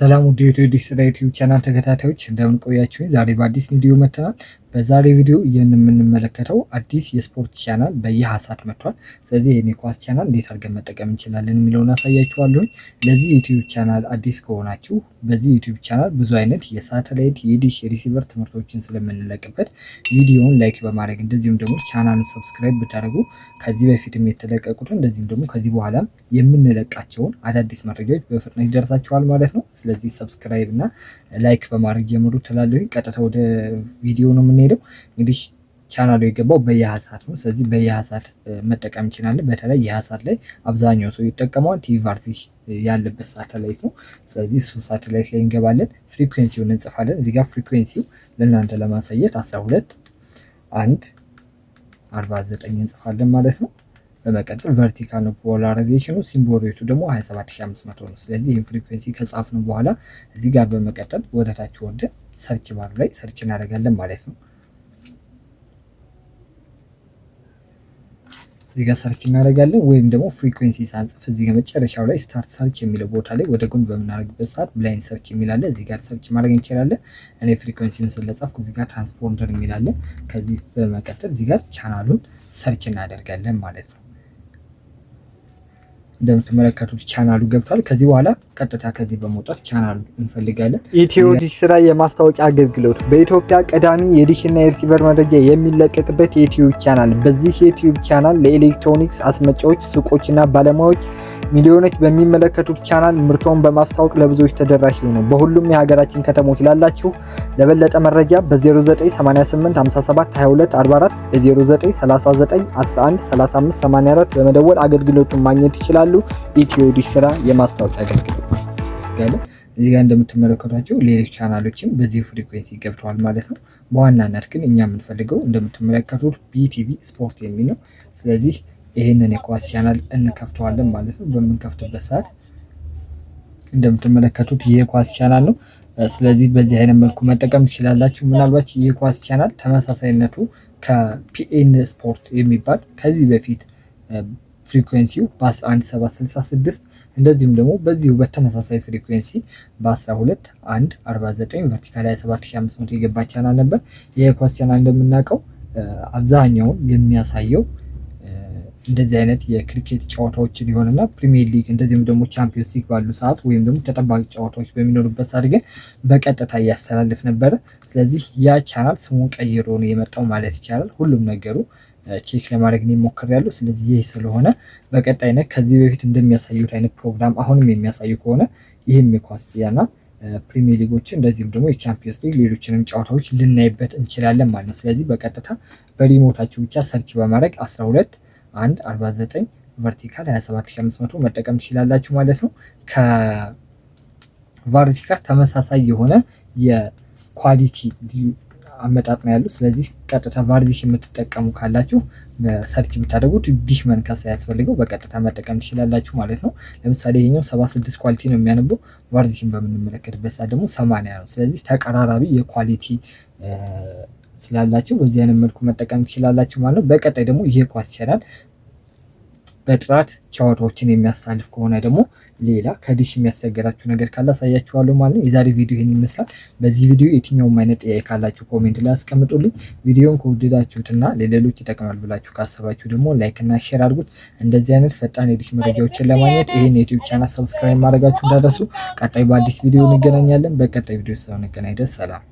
ሰላም ውድ የኢትዮ ዲሽ ዩቲዩብ ቻናል ተከታታዮች እንደምን ቆያችሁ? ዛሬ በአዲስ ቪዲዮ መጥተናል። በዛሬ ቪዲዮ ይህን የምንመለከተው አዲስ የስፖርት ቻናል በየሀሳት መጥቷል። ስለዚህ ይህን የኳስ ቻናል እንዴት አድርገን መጠቀም እንችላለን የሚለውን አሳያችኋለሁኝ። ለዚህ ዩቲዩብ ቻናል አዲስ ከሆናችሁ በዚህ ዩቲዩብ ቻናል ብዙ አይነት የሳተላይት የዲሽ የሪሲቨር ትምህርቶችን ስለምንለቅበት ቪዲዮውን ላይክ በማድረግ እንደዚሁም ደግሞ ቻናሉን ሰብስክራይብ ብታደርጉ ከዚህ በፊትም የተለቀቁትን እንደዚሁም ደግሞ ከዚህ በኋላም የምንለቃቸውን አዳዲስ መረጃዎች በፍጥነት ይደርሳችኋል ማለት ነው። ስለዚህ ሰብስክራይብ እና ላይክ በማድረግ ጀምሩ ትላለሁኝ። ቀጥታ ወደ ቪዲዮ ነው የምንሄደው እንግዲህ ቻናሉ የገባው በየሀሳት ነው። ስለዚህ በየሀሳት መጠቀም እንችላለን። በተለይ የሀሳት ላይ አብዛኛው ሰው ይጠቀመዋል። ቲቪ ያለበት ሳተላይት ነው። ስለዚህ እሱ ሳተላይት ላይ እንገባለን። ፍሪኩዌንሲውን እንጽፋለን። እዚጋ ፍሪኩንሲው ፍሪኩዌንሲው ለእናንተ ለማሳየት አስራ ሁለት አንድ አርባ ዘጠኝ እንጽፋለን ማለት ነው። በመቀጠል ቨርቲካል ነው ፖላራይዜሽኑ፣ ሲምቦል ሬቱ ደግሞ 27500 ነው። ስለዚህ ይህን ፍሪኩዌንሲ ከጻፍነው በኋላ እዚህ ጋር በመቀጠል ወደታች ወደ ሰርች ባር ላይ ሰርች እናደርጋለን ማለት ነው። እዚህ ጋር ሰርች እናደርጋለን። ወይም ደግሞ ፍሪኩዌንሲ ሳንጽፍ እዚህ ጋር መጨረሻው ላይ ስታርት ሰርች የሚለው ቦታ ላይ ወደ ጎን በምናደርግበት ሰዓት ብላይንድ ሰርች የሚላለ እዚህ ጋር ሰርች ማድረግ እንችላለን። እኔ ፍሪኩዌንሲውን ስለጻፍኩ እዚህ ጋር ትራንስፖንደር የሚላለ ከዚህ በመቀጠል እዚህ ጋር ቻናሉን ሰርች እናደርጋለን ማለት ነው። እንደምትመለከቱት ቻናሉ ገብቷል። ከዚህ በኋላ ቀጥታ ከዚህ በመውጣት ቻናሉ እንፈልጋለን። ኢትዮ ዲሽ ስራ የማስታወቂያ አገልግሎት በኢትዮጵያ ቀዳሚ የዲሽና የሪሲቨር መረጃ የሚለቀቅበት የዩቲዩብ ቻናል። በዚህ የዩቲዩብ ቻናል ለኤሌክትሮኒክስ አስመጪዎች፣ ሱቆችና ባለሙያዎች ሚሊዮኖች በሚመለከቱት ቻናል ምርቶን በማስታወቅ ለብዙዎች ተደራሽ ይሁኑ። በሁሉም የሀገራችን ከተሞች ላላችሁ ለበለጠ መረጃ በ0988 57 በ0939 11 84 በመደወል አገልግሎቱን ማግኘት ይችላል። ይችላሉ። ኢትዮ ስራ የማስታወቂያ አገልግሎት ያለ እዚህ ጋር እንደምትመለከቷቸው ሌሎች ቻናሎችም በዚህ ፍሪኩዌንሲ ገብተዋል ማለት ነው። በዋናነት ግን እኛ የምንፈልገው እንደምትመለከቱት ቢቲቪ ስፖርት የሚል ነው። ስለዚህ ይህንን የኳስ ቻናል እንከፍተዋለን ማለት ነው። በምንከፍትበት ሰዓት እንደምትመለከቱት ይህ ኳስ ቻናል ነው። ስለዚህ በዚህ አይነት መልኩ መጠቀም ትችላላችሁ። ምናልባት ይህ ኳስ ቻናል ተመሳሳይነቱ ከፒኤን ስፖርት የሚባል ከዚህ በፊት ፍሪኩዌንሲው በ11766 እንደዚሁም ደግሞ በዚሁ በተመሳሳይ ፍሪኩዌንሲ በ12149 ቨርቲካል 27500 የገባ ቻናል ነበር። ይህ ኳስ ቻናል እንደምናውቀው አብዛኛውን የሚያሳየው እንደዚህ አይነት የክሪኬት ጨዋታዎችን ሊሆንና ፕሪሚየር ሊግ እንደዚሁም ደግሞ ቻምፒዮንስ ሊግ ባሉ ሰዓት ወይም ደግሞ ተጠባቂ ጨዋታዎች በሚኖሩበት ሰዓት ግን በቀጥታ እያስተላልፍ ነበረ። ስለዚህ ያ ቻናል ስሙን ቀይሮ ነው የመጣው ማለት ይቻላል። ሁሉም ነገሩ ቼክ ለማድረግ ሞክር ያለው። ስለዚህ ይህ ስለሆነ በቀጣይነት ከዚህ በፊት እንደሚያሳዩት አይነት ፕሮግራም አሁንም የሚያሳዩ ከሆነ ይህም የኳስያና ፕሪሚየር ሊጎችን እንደዚሁም ደግሞ የቻምፒዮንስ ሊግ ሌሎችንም ጨዋታዎች ልናይበት እንችላለን ማለት ነው። ስለዚህ በቀጥታ በሪሞታቸው ብቻ ሰርች በማድረግ 12 1 49 ቨርቲካል 27500 መጠቀም ትችላላችሁ ማለት ነው። ከቨርቲካል ተመሳሳይ የሆነ የኳሊቲ አመጣጥ ነው ያሉ ስለዚህ ቀጥታ ቫርዚሽ የምትጠቀሙ ካላችሁ ሰርች ብታደርጉት ቢህ መንከስ ያስፈልገው በቀጥታ መጠቀም ትችላላችሁ ማለት ነው። ለምሳሌ ይሄኛው 76 ኳሊቲ ነው የሚያነበው ቫርዚሽን በምንመለከትበት ሰዓት ደግሞ 80 ነው። ስለዚህ ተቀራራቢ የኳሊቲ ስላላችሁ በዚህ አይነት መልኩ መጠቀም ትችላላችሁ ማለት ነው። በቀጣይ ደግሞ ይሄ ኳስ ይቻላል በጥራት ጨዋታዎችን የሚያሳልፍ ከሆነ ደግሞ ሌላ ከዲሽ የሚያስቸግራችሁ ነገር ካለ አሳያችኋለሁ ማለት ነው። የዛሬ ቪዲዮ ይህን ይመስላል። በዚህ ቪዲዮ የትኛውም አይነት ጥያቄ ካላችሁ ኮሜንት ላይ አስቀምጡልኝ። ቪዲዮን ከወደዳችሁትና ለሌሎች ይጠቅማል ብላችሁ ካሰባችሁ ደግሞ ላይክና ሼር አድርጉት። እንደዚህ አይነት ፈጣን የዲሽ መረጃዎችን ለማግኘት ይህን የዩቲዩብ ቻናል ሰብስክራይብ ማድረጋችሁ እንዳደረሱ። ቀጣይ በአዲስ ቪዲዮ እንገናኛለን። በቀጣይ ቪዲዮ ሰው እንገናኝ። ደስ ሰላም